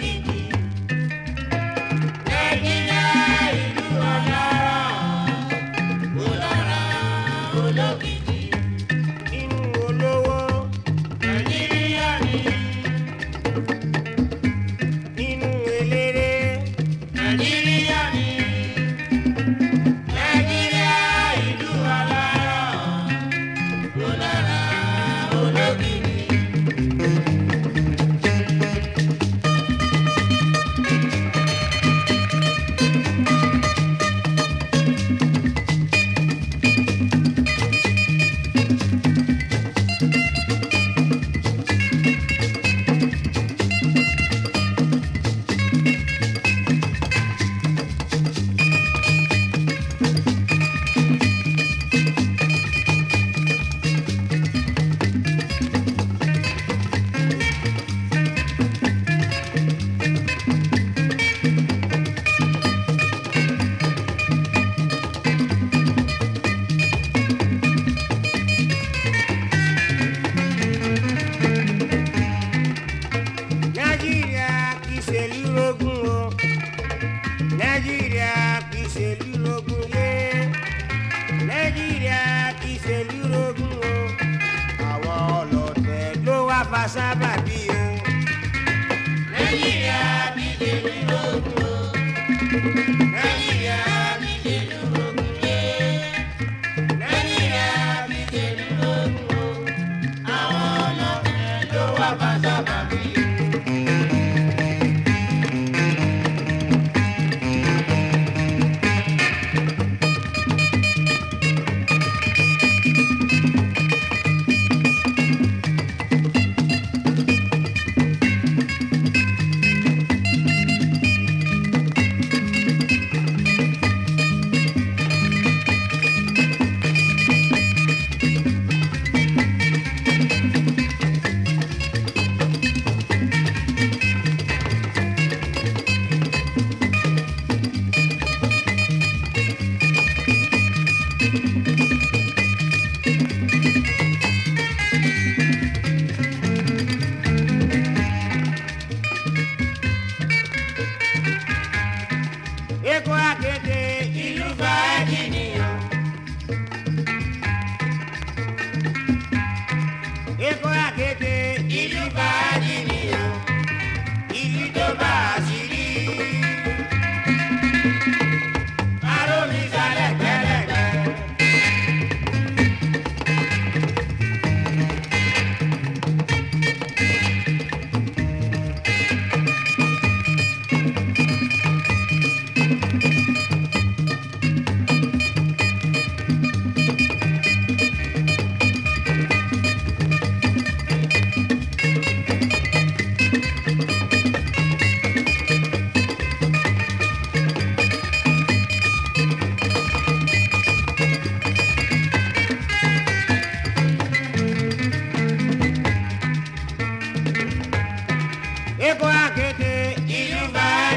be ìṣèlú lógún lé nàìjíríà ìṣèlú lógún o àwọn ọlọ́tẹ̀ ló wá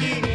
Maggie.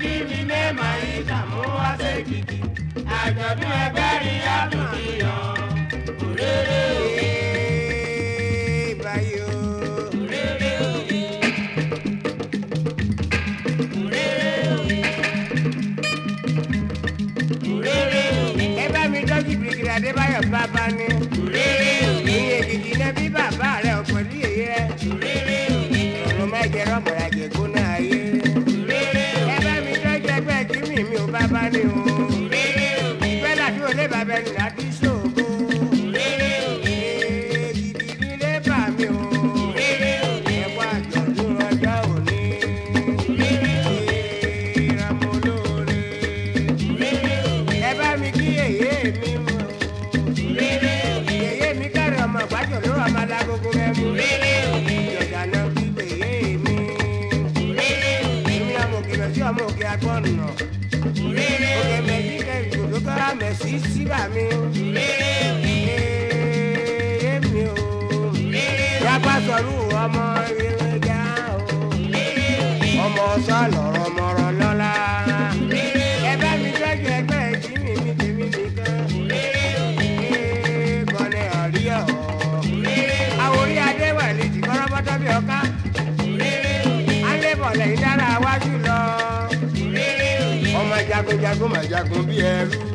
bí mi mẹ́mà ìdààmú wá ségìdì àjọ̀dún ẹgbẹ́ rí àtúnyàn òréré òye. báyìí o. òréré òye. òréré òye. òréré òye. ẹ bá mi dọ́jú bìrìkìrì Adébáyọ̀ bàbá ni. òréré òye. iye gidi náà bí bàbá rẹ̀ ọ̀pọ̀ ní èyí rẹ̀. òréré òye. ọ̀rọ̀ máa jẹ rọ́mọ̀ jagunjagun mà jagun bí ẹrú.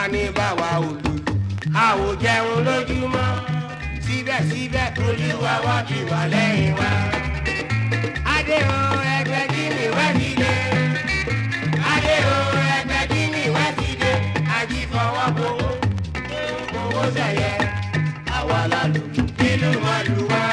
wá ní báwa olójú a ò jẹun lójúmọ́ síbẹ̀síbẹ̀ olúwa wá fi wà lẹ́yìn wa. adéhùn ẹgbẹ́ kí ni wá ti dé. adéhùn ẹgbẹ́ kí ni wá ti dé. àjìfọwọ́ fowó fowó sẹ̀yẹ àwa lálù nínú màlúwa.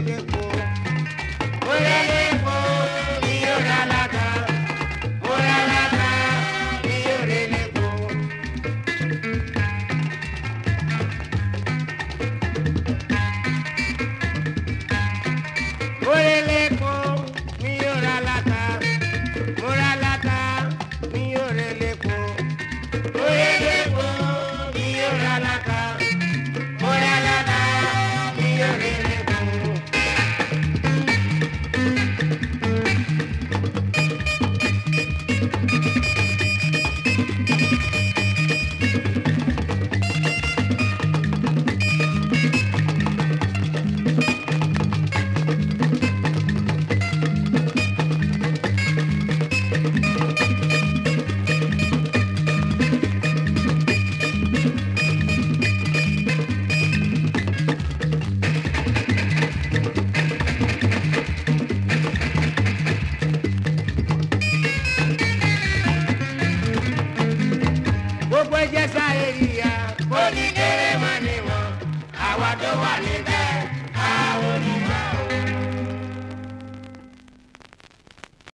Thank you.